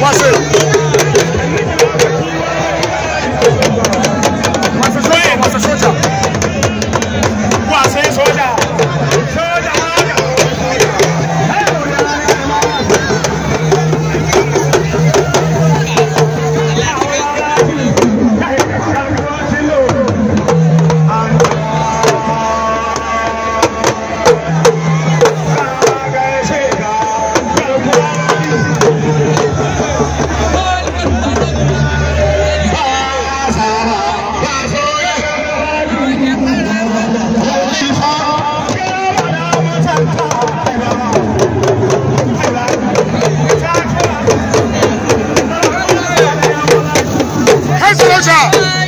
我是。坐下。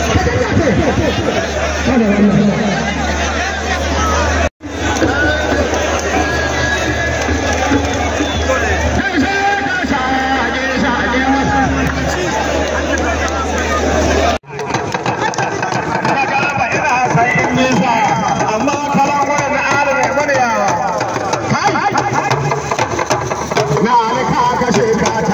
shekara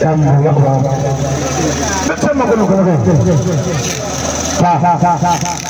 dan buya ba dukkan m g a